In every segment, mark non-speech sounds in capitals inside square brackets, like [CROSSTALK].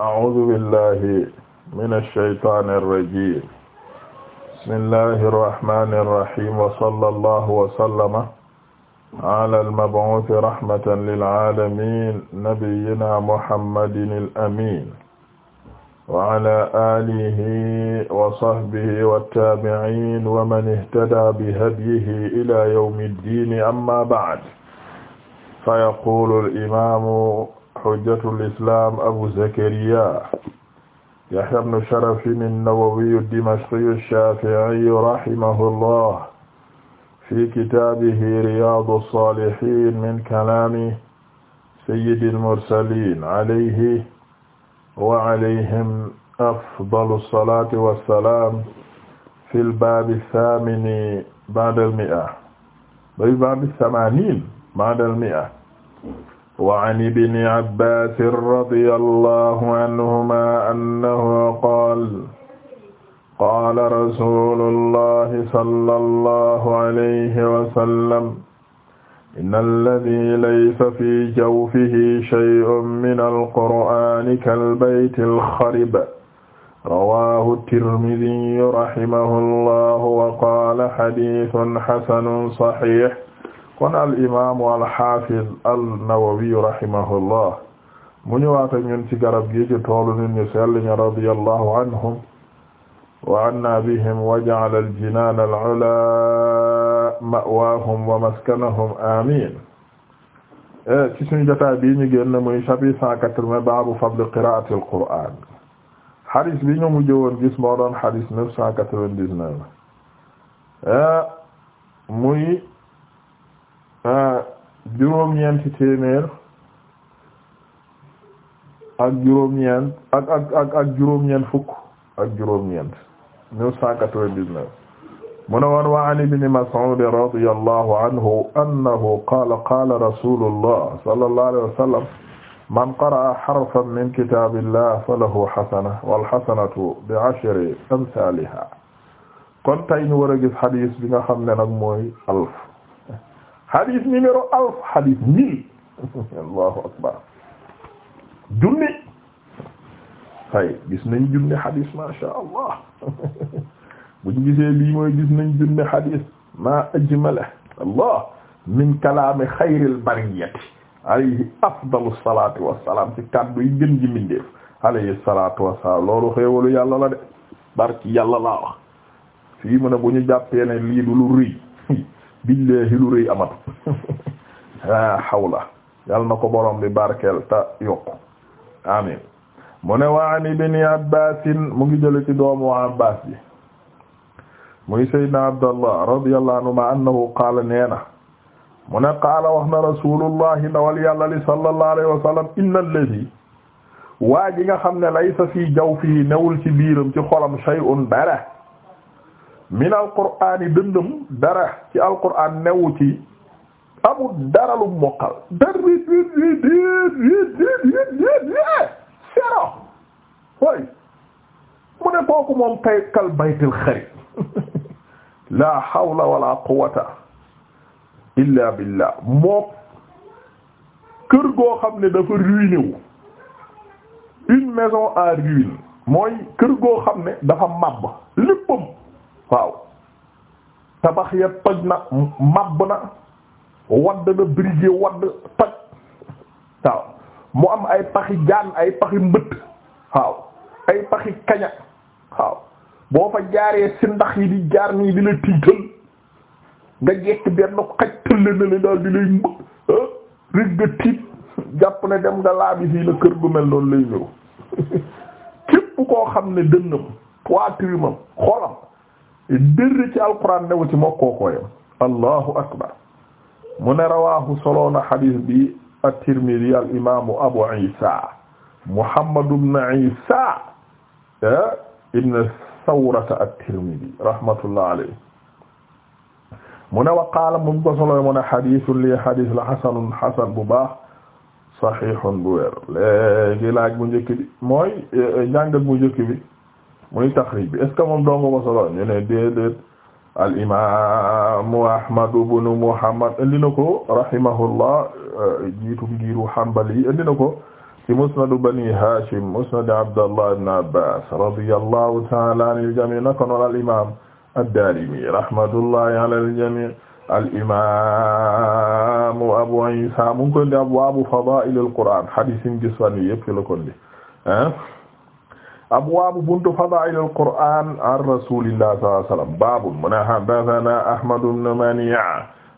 أعوذ بالله من الشيطان الرجيم بسم الله الرحمن الرحيم وصلى الله وسلم على المبعوث رحمة للعالمين نبينا محمد الأمين وعلى آله وصحبه والتابعين ومن اهتدى بهديه إلى يوم الدين أما بعد فيقول الإمام hujjatul islam abu zakariya yahya ibn sharaf an-nawawi ad-dimashqi ash-shafi'i rahimahullah fi kitaabihi riyaadu as-saalihiin min kalaami sayyidil mursaliin alayhi wa alayhim afdalu as-salaati was-salaam fil baabi ath-thaamini ba'da al-mi'a baabi ath-thamaaniin ba'da al-mi'a وعن ابن عباس رضي الله عنهما أنه قال قال رسول الله صلى الله عليه وسلم إن الذي ليس في جوفه شيء من القرآن كالبيت الخرب رواه الترمذي رحمه الله وقال حديث حسن صحيح kon al imaamu al xaafiz al nawawi rahimahullah mu ñëwaat ak ñun ci garab gi ci toolu nit ñu sell ñi radiyallahu anhum wa anna bihim wa ja'ala al jinaan al ulaa ma'waahum wa maskanahum amiin ci suñu jotaay bii ñu génn muy chapitre cent quatre-vingts baabu fadl qiraa'ati al qur'aan xadis bi ñu mujj woon gis moo doon xadis neuf cent quatre-vingt-dix-neuf muy juróom-ñeenti téeméer ak juróom-ñeent ak ak ak ak juróom-ñeent fukk ak juróom-ñeent neuf cent quatre-vingt-dix-neuf mu ne woon wa an ibni Mas'ud radiyallahu anhu annahu qaala qaala rasulullah sallallahu alayhi wa sallam man qara'a harfan min kitabillah falahu hasana wal hasanatu bi'ashri amsaliha kon tay ñu war a gis hadis bi nga xam ne nag mooy alf hadis numéro alf hadis mille [LAUGHS] allahu akbar junni fay gis nañ junni hadis ma sha allah [LAUGHS] buñ gisee lii mooy gis nañ junni hadis ma ajmala allah min kalaami xayril bariyati alayhi afdalu salatu wassalam ci kaddu yi gën ji mindeef alayhi salatu wassalam loolu xéewalu yàlla la de barki yàlla laa wax fii mu ne bu ñu jàppee ne lii du lu rëy billahi lu rëy amatu la hawla yal na ko borom bi barkeel ta yokku amin mu ne wa an ibni abbasin mu ngi jële ci doomu abbas bi muy sayyidina abdallah radiyallahu anhuma annahu qaala neena mu ne qaala wax na rasulullahi ndawal yàlla li sallallahu alayhi wa sallam inna alladi waa ji nga xam ne laysa fii jawfihi newul ci biiram ci xolam shay'un dara min alquraan yi dëndëm dara ci alquraan newu ci amul dara lu mokkal dara sero way mu ne kooku moom kay kal baytil xarit [LAUGHS] la hawla wala quwwata illa billah mook kër goo xam ne dafa ruiné une maison en ruine mooy kër goo xam ne dafa màbb léppam waaw tabax ya toj na màbb na wadd na brigé wadd toj waaw mu am ay paxi jaan ay paxi mbëtt waaw ay paxi kaña waaw boo fa jaaree si ndax yi di jaar nii di la tiital nga jekk benn xaj tëlle na daal di lay mbëtt ah, rek nga tiit jàpp na dem nga laabi fii la kër gu mel noonu lay niru [LAUGHS] képp koo xam ne dënnam poitrimam xolam dërr ci alquran newu ci mook kooko yam allahu akbar mu ne rawahu soloona hadis bi at-Tirmidhi al imamu Abu Isa Muhammad ibn Isa eh, ibn Sawrata at-Tirmidhi rahmatullah alayhi mu ne wa qaala mu ko solo mu ne hadisun li hadis la hasanun hasan bu baax sahihun bu wér léegi laaj bu njëkk bi mooy eh, eh, njàngat bu njëkk bi muy taxrij bi est ce que moom dongo ko solo ñu ne déedéet al imaamu Ahmad ibn Muhammad indi na ko rahimahullah euh, jiitu ngiru Hanbali indi na ko ci musnadu bani Hashim musnadu Abdallah ibn Abbas radiyallahu ta'ala anil jami' naka noonu al imaam ad-Darimi rahmatullahi ala al jami' al imaamu Abu Isa mu ngi koy indi abwaabu fadaa'il al Qur'an hadiis yi mu gis fan yii yëpp ci la ko indi abwaabu buntu fadaa'il al-Qur'aan an rasuulillah sallallahu alayhi wa sallam baabun mu ne haddathanaa Ahmad ibn Mani'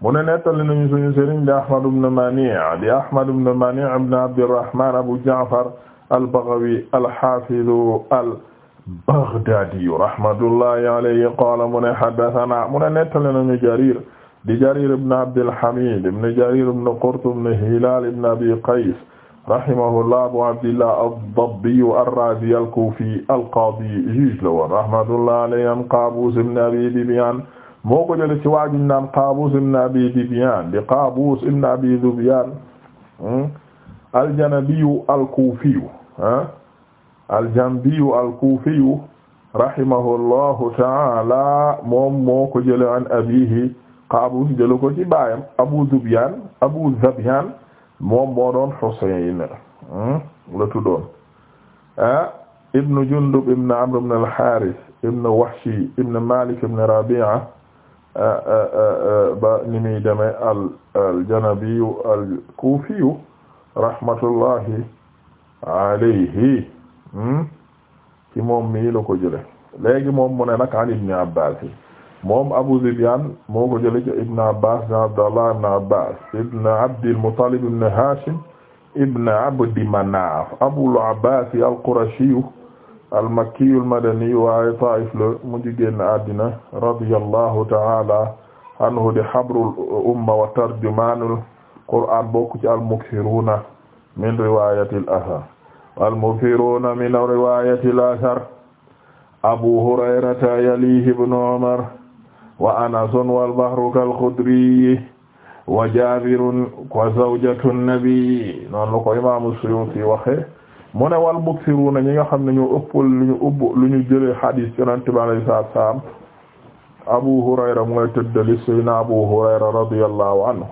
mu ne nettali nañu suñu sëriñ di Ahmad ibn Mani' di Ahmad ibn Mani' ibn Abdirrahmaan Abu Ja'far al-Baghawi al-Haafiz al-Baghdaadi rahmatullahi alayhi qaala mu ne haddathanaa mu ne nettali nañu Jariir di Jariir ibn Abdil Hamiid ibn Jariir ibn Qurt ibn Hilaal ibn Abi Qays rahimahullah abu abdillah ad-Dabbi ar-Raazi al-Kuufi al-qaadi juge la woon rahmatullah alayhi an Qaabuus ibn Abi Dubyaan moo ko jëlee ci waaju naan Qaabuus ibn Abi Dubyaan di Qaabuus ibn Abi Dubyaan hmm, al-Janabi al-Kuufi hmm, al-Janbi al-Kuufi rahimahullahu ta'aala moom moo ko jëlee an abiihi Qaabuus jëlee ko ci baayam Abu Dubyaan Abu Zabyaan moom moo doon Husayn hmm, la tuddoon ah ibn Jundub ibn Amr ibn al-Harith ibn Wahshi ibn Malik ibn Rabi'a ah, ah, ah, ba ni muy deme al-Janabiyu al-Kufiyu rahmatullahi alayhi hmm, ci moom mii la ko jële léegi moom mu ne nag an ibn Abbas moom Abu Sufyan moo ko jëlee ci Ibn Abbas ibn Abdallah ibn Abbas ibn Abdil Muttalib ibn Hashim ibn Abdi Manaf Abul Abbas al-Qurashi al-Makki al-Madani waaye Taif la mujj génn àddina radiyallahu ta'ala anhu di habrul umma wa tarjumanul Qur'an bokk ci al-mukthiruna min riwayatil athar al-mukthiruna min riwayatil athar Abu Hurayrata yalihi ibn Umar wa anasun walbahru kalxudriyi wa jabirun wa zawjatu nnabii noonu la ko imaamu Suyuuti waxe mu ne wal muksiruuna ñi nga xam ne ñu ëppal lu ñu ubb lu ñu jëlee xadiis yonente bi alayhi salaatu salaam Abu Hurayra mooy tëddali Seydina Abu Hurayra radiyallahu anhu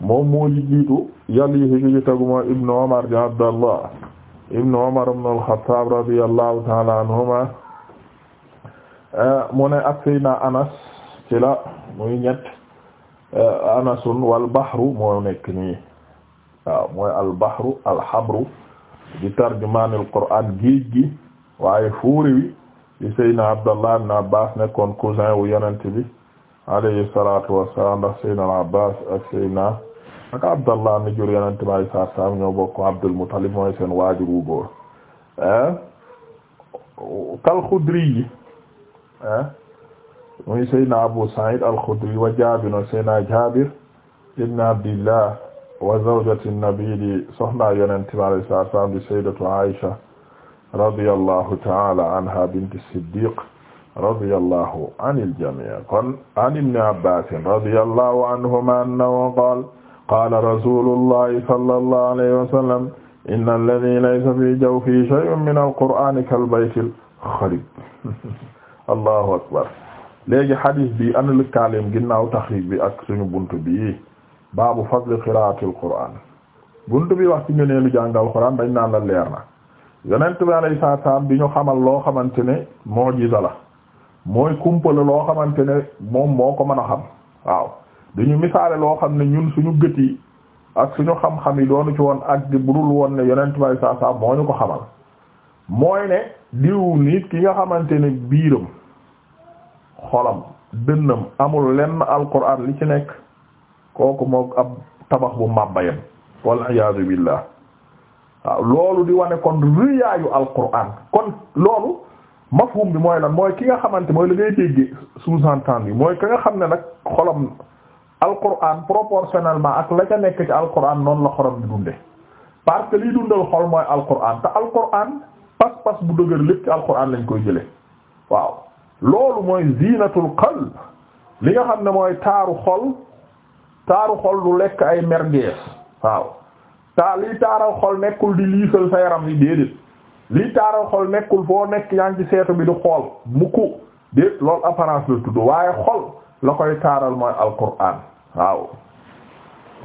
moom moo ji jiitu yi ci tegu mooy Ibnu Umar di Abdallah Ibnu Umar ibnu al-Xattaab radiyallahu ta'ala anhuma eh, mu ne ak Seydina Anas ci la muy ñett eh, anasun wal bahru moo nekk nii waaw mooy al bahru al habru di tarjumaanil qur'aan géej waaye fuure wi di Seydina Abdallah ibn Abbas nekkoon cousin wu yonent bi alayhi salatu wassalam ndax Seydina al Abbas ak Seydina ak Abdallah ni jur yonent bi alayhi salatu wassalam ñoo bokk Abdul mooy seen waajur wu góor eh, kal Xudri yi eh, muy saydna abu sa'id al-khudri wa jabir wa saydna jabir ibn abdillah wa zawjati nabi di soxna yonent bi alayhi salaam di sayyidatu aisha radiyallahu ta'ala anha bint siddiq radiyallahu anil jami' kon an ibn abbas radiyallahu anhuma annahu qala qala rasulullahi sallallahu alayhi wa sallam inna alladhi laysa fi jawfihi shay'un min al-qur'ani kal-baytil kharib [LAUGHS] allahu akbar léegi hadis bi ana lëkkaaleem ginnaaw taxrij bi ak suñu bunt bi baabu fadl qiraatil qur'aan buntu bi wax ci ngëneelu jàngal qur'aan dañ naan la leer na yonent bi alayhi salaam bi ñu xamal loo xamante ne mu'jiza la mooy kumpala loo xamante ne moom moo ko mën a xam waaw duñu misaale loo xam ne ñun suñu gët yi ak suñu xam-xam yi doonu ci woon ak bu dul woon ne yonent bi alayhi moo ñu ko xamal mooy ne diw nit ki nga xamante ne biiram xolam dënnam amul lenn alquran li ci nekk kooku mook ab tabax bu màbbayam wal iyaazu billah waaw loolu di wane kon rëyaayu alquran kon loolu mafhum bi mooy lan mooy ki nga xamante mooy li ngay déggee sous-entendu bi mooy ki nga xam ne nag xolam alquran proportionnellement ak la ca nekk ci alquran noonu la xolam di dunde parce que liy dundal xol mooy alquran te alquran pas-pas bu dëgër lépp ci alquran lañ koy jëlee waaw loolu mooy ziinatul qalb li nga xam ne mooy taaru xol taaru xol du lekk ay mergees waaw taa liy taaral xol nekkul di liisal sa yaram yi déedéet liy taaral xol nekkul foo nekk yaa ngi ci seetu bi du xool mukku déet loolu apparence la tudd waaye xol la koy taaral mooy alquran waaw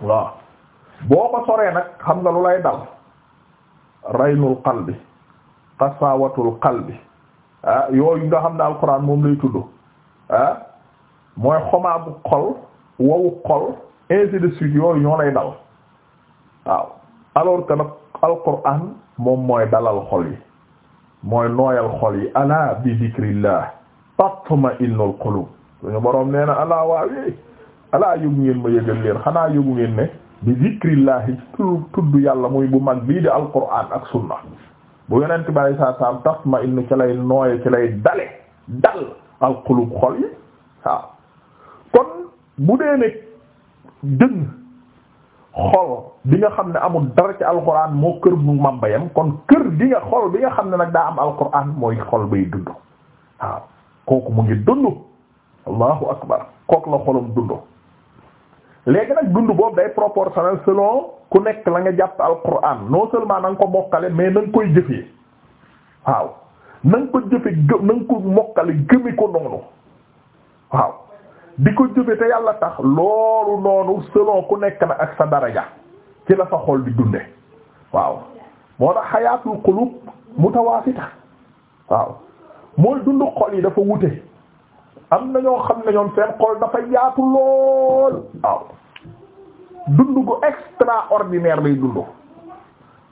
waaw boo ko soree nag xam nga lu lay dal raynul qalbi qasawatul qalbi ah yooyu nga xam ne alquran moom lay tudd ah mooy xomaagu xol wowu xol ainsi de suite yooyu ñoo lay dal waaw alors que nag alquran moom mooy dalal xol yi mooy nooyal xol yi ala bi zikrillah tatma'innul qulub suñu boroom nee na alaa waawi eh, alaa yógu ngeen ma yëgal leen xanaa yógu ngeen ne bi zikrillah ci tudd yàlla muy bu mag bii di alquran ak sunna bu yonent bi saa saam tas ma innu ci lay nooye ci lay dale dal al qulub xol yi waaw kon bu dee ne dëng xol bi nga xam ne amul dara ci alquran moo kër bu mambayam kon kër bi nga xol bi nga xam ne nag daa am alquran mooy xol bay dund waaw kooku mu ngi dund allahu akbar kook la xolam dund léegi nag dund boobu day proportionnel selon ku nekk la nga jàpp alquran non seulement na ko mokkale mais na koy jëfee waaw na ko jëfe gë na ko mokkale gëmi ko noonu waaw di ko jëfe te yàlla tax loolu noonu selon ku nekk na ak sa daraja ci la sa xol di dunde waaw moo tax xayaatul xulub mutawaasita waaw mooy dundu xol yi dafa wute am nañoo xam ne ñoom seen xol dafa yaatu lool waaw dund gu extraordinaire lay dund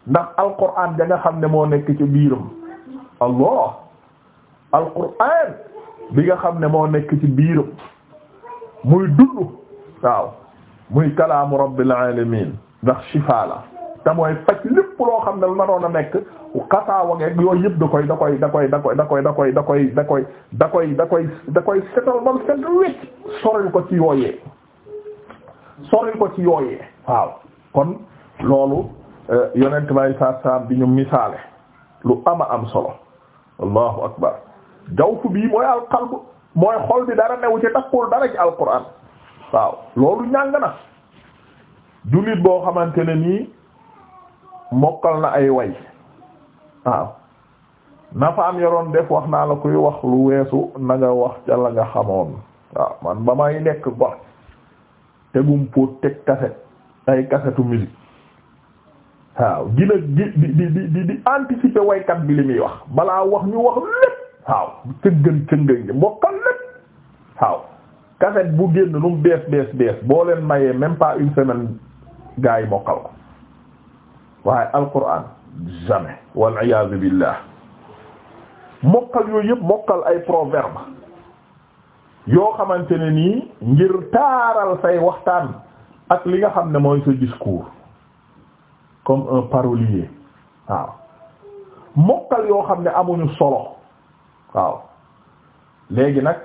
ndax alquran da nga xam ne moo nekk ci biiram allah alquran bi nga xam ne moo nekk ci biiram muy dund waaw muy kalaamu rabbil alamin ndax shifa la te mooy faj lépp loo xam ne lu naroon a nekk kasaawageeg yooyu yëpp da koy da koy da koy da koy da koy da koy da koy da koy da koy da koy da koy setal bam set wecc soril ko ci yooyee soril ko ci yooyee waaw kon loolu yonent may sa saam bi ñu misaale lu ama am solo allahu akbar jawf bii mooy alqalb mooy xol bi dara newu ci takkul dara ci alquran waaw loolu ñàng na jullit boo xamante nii mokkal na ay way waaw nafaam yoroon def wax naa la kuy wax lu weesu na wax ca la nga xamoon waaw man ba may nekk gox tegum pour teg cassette ay cassettu musique waaw gina di di di di anticiper waykat bi li muy wax balaa wax ñu wax lépp waaw cëngën cëngën mokkal lépp waaw cassette bu génn lu mu bees bees bees boo leen mayee même pas semaine gars yi mokkal ko waaye alquran jamais wal iyaazu billah mokkal yooyu yëpp mokkal ay proverbe yoo xamante ne nii ngir taaral say waxtaan ak li nga xam ne mooy sa discours comme un parolier waaw mokkal yoo xam ne amuñu solo waaw léegi nag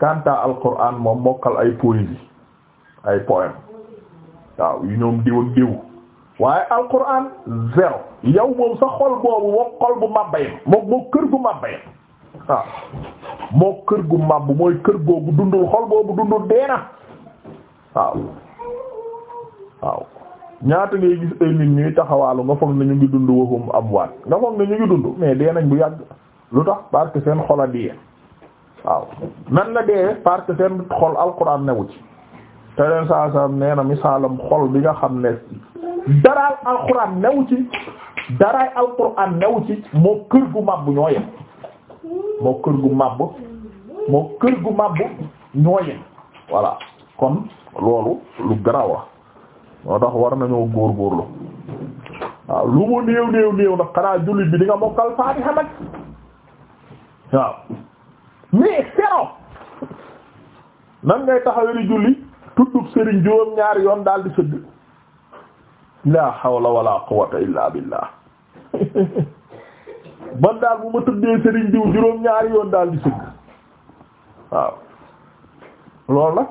kanta alquran moom mokkal ay poésie ay poème waaw yu ñoom diw diw waaye alquran zéro yow moom sa xol boobu moo xol bu màbba yam moo moo kër gu màbba yam kër gu màbb mooy kër googu dundul xol boobu dundul deena waaw waaw ñaata ngay gis ay nit ñuy taxawaalu nga foog ne ñu ngi dund waxum am waat nga foog na ñu ngi dund mais dee nañ bu yàgg lu tax park seen xol a dee waaw nan la dee parce que seen xol alquran newu ci te leen saa saa nee na misaalam xol bi nga xam ne daraal alxuraan new ci daraay alxuraan new ci moo kër gu màbb ñoo yem moo kër gu màbb moo kër gu màbb ñoo yem voilà kon loolu lu garaaw la moo tax war nañoo góorgóorlu waaw lu mu néew néew néew ndax xanaa jullit bi di nga mokkal faatiha nag waaw mais sero nan ngay taxawee li julli tuddub sëriñ juróom ñaari yoon daal di sëgg la hawla wala quwwata illa billah [LAUGHS] daal bu ma tuddee Serigne diw juróom ñaari yoon daal di sëgg waaw loolu nag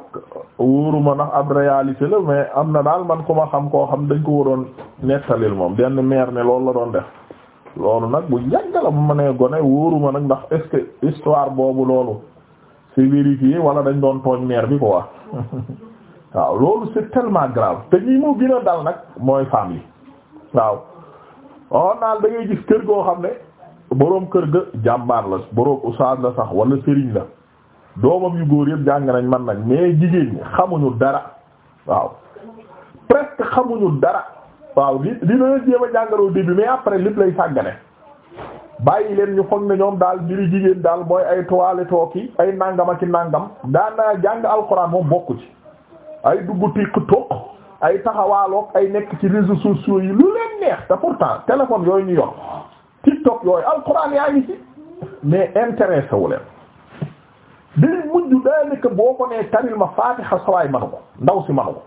wóoruma ndax ab réalité la mais am na daal man ku ma xam koo xam dañ ko waroon nettalil moom benn maire ne loolu la doon def loolu nag bu yàgg bu ma nee gone wóoruma nag ndax est-ce boobu loolu c'est vérifié wala dañ doon tooñ maire bi quoi [LAUGHS] waaw loolu c'est tellement grave te ñi mu gën a dal nag mooy femme yi waaw on naal da gis kër goo xam ne boroom kër ga jàmbaar la boroom ustaad la sax wala sëriñ la doomam yu góor yëpp jàng nañ man nañ mais jigéen ñi xamuñu dara waaw presque xamuñu dara waaw li li la jéem a jàngaroo début mais après lépp lay sàggane bàyyi leen ñu foog ne daal mbiri jigéen daal mooy ay toile tooki ay nangam ak i nangam daanaa jàng alxuraan moom bokku ci ay dugg TikTok ay taxawaaloog ay nekk ci réseaux sociaux yi lu leen neex te pourtant téléphone yooyu ñu yor TikTok yooyu alxuraan yaa ngi ci mais intéressé wu leen day mujj daanaka boo ko nee taril ma faatixa sawaay manu ko ndaw si manu ko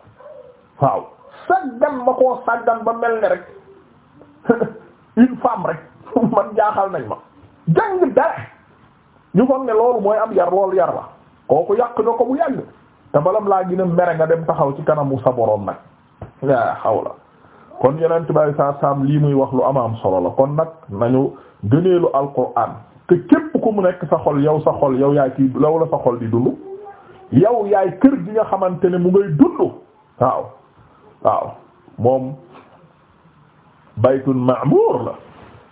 waaw saggan ma koo saggan ba mel ne rek [LAUGHS] une femme rek [LAUGHS] man jaaxal nañ ma jàng dara ñu foog ne loolu mooy am yar loolu yar la kooku yàq na ko bu yàgg te balam laa gën a mere nga dem taxaw ci kanamu sa boroom nag yaa xaw la kon yonent bi saa saam lii muy wax lu am am solo la kon nag nañu gëneelu alquran te képp ko mu nekk sa xol yow sa xol yow yaay kii law la sa xol di dund yow yaay kër gi nga xamante ne mu ngay dund waaw waaw moom baytun ma'mur la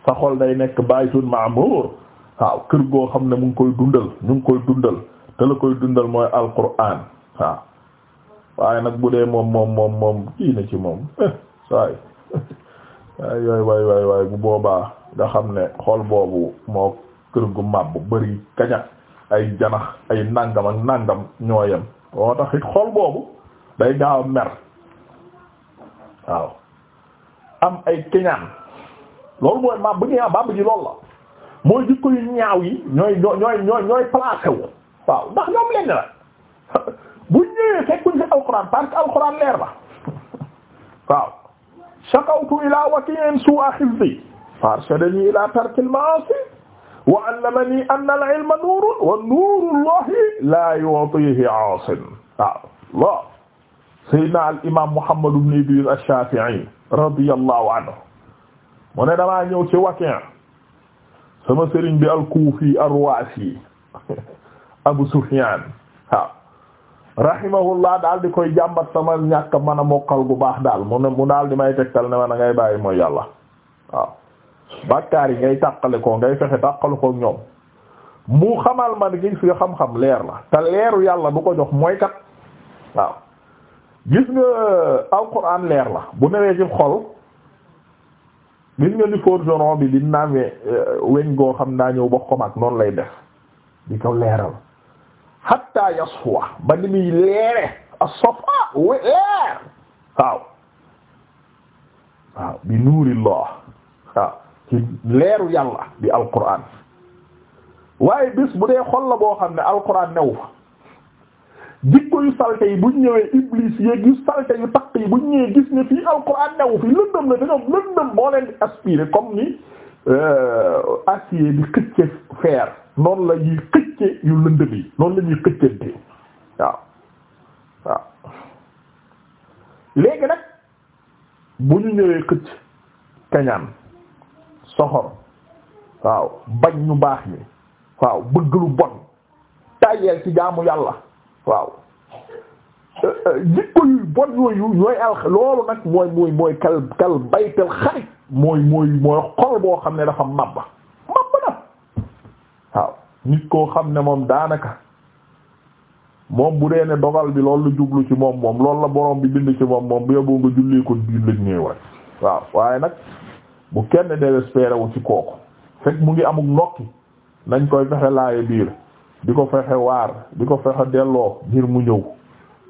sa xol day nekk baytun ma'mur waaw kër goo xam ne mu ngi koy dundal ñu ngi koy dundal te la koy dundal mooy alquran waaw waaye nag bu dee moom moom moom moom kii na ci moom [LAUGHS] saay [LAUGHS] yooyu bu boobaa nga xam ne xol boobu moo kër gu màbb bari kaña ay janax ay nàngam ak nàngam ñoo yem woo tax it xol boobu day gaaw a mer waaw am ay keñaan loolu mooy màbb gi ah màbb ji loolu la mooy jikko yu ñaaw yi ñooy ñooy ñooy ñooy placé waaw ndax ñoom lenn la [LAUGHS] bu ñëwee fekkuñ fi alquran parce que alquran leer na [LAUGHS] waaw shakawtu ila waki'in su'a hifzi farshadani ila tarkil ma'asi wa 'allamani anna al-'ilma nuurun wa nuuru llahi la yu'tihi 'aasin waaw Allah sayyidina al-imam Muhammad ibn Idris ash-Shafi'i radiyallahu anhu mu ne damaa ñëw ci waki'in sama sëriñ bi al-Kufi ar-Ra'si [LAUGHS] Abu Sufyan waaw rahimahullah daal di koy jàmbat sama ñàkk mën a mokkal gu baax daal mu ne mu daal di may tegtal ne ma na ngay bàyyi mooy yàlla waaw bàkkaar yi ngay tàqale ko ngay fexe tàqalu ko ñoom mu xamal man gis nga xam-xam leer la te leeru yàlla bu ko jox mooy kat waaw gis nga alquran leer la bu newee ci xol gis nga ni forgeron bi di naame eh, weñ goo xam naa ñëw ba xomaag noonu lay def di ko leeral hatta yasfuwa ba ni muy leere as-safa we leer waaw waaw bi nuurillah waaw ci leeru yàlla bi alquran waaye bis bu dee xol la boo xam ne alquran new fa jikko yu salte yi buñ ñëwee iblis yéeg yu salte yu takk yi buñ ñëwee gis ne fii alquran new fi lëndëm la dañoo lëndëm boo leen di aspirer comme ni euh, acier di xëcce fer noonu la ñuy xëcce yu lëndëm yi noonu la ñuy xëccante waaw waaw léegi nag bu ñu ñëwee xëcc kañaan soxor waaw bañ ñu baax ñi waaw bëgg lu bon tàyyeel ci jaamu yàlla waaw euh, euh, jikko yu bon yooyu ñooy al loolu nag mooy mooy kal kal baytal xarit mooy mooy mooy xol boo xam ne dafa mabba nit koo xam ne moom daanaka moom bu dee ne dogal bi loolu la jublu ci moom moom lool la borom bi bind ci moom moom bu yóbbu nga jullee ko jullit ñëw rek waaw waaye nag bu kenn désespéré wu ci kooku fekk mu ngi amuk nokki nañ koy fexe laaye biir di ko fexe waar di ko fexe delloo ngir mu ñëw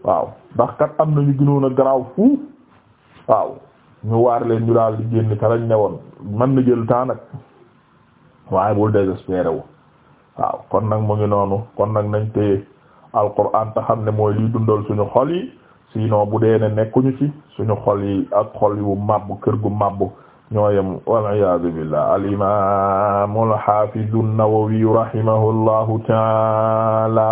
waaw ndax kat am na ñu gënoon a garaaw fuuf waaw ñu waar leen ñu daal di génn te lañ ne woon mën na jël temps nag waaye bul désespéré waaw kon nag mu ngi noonu kon nag nañ téye alquran te xam ne mooy liy dundal suñu xol yi sinon bu dee ne nekkuñu ci suñu xol yi ak xol yu màbb kër gu màbb ñoo yem wal iyaadu billah al imaam al haafiz an-Nawawi rahimahullahu taala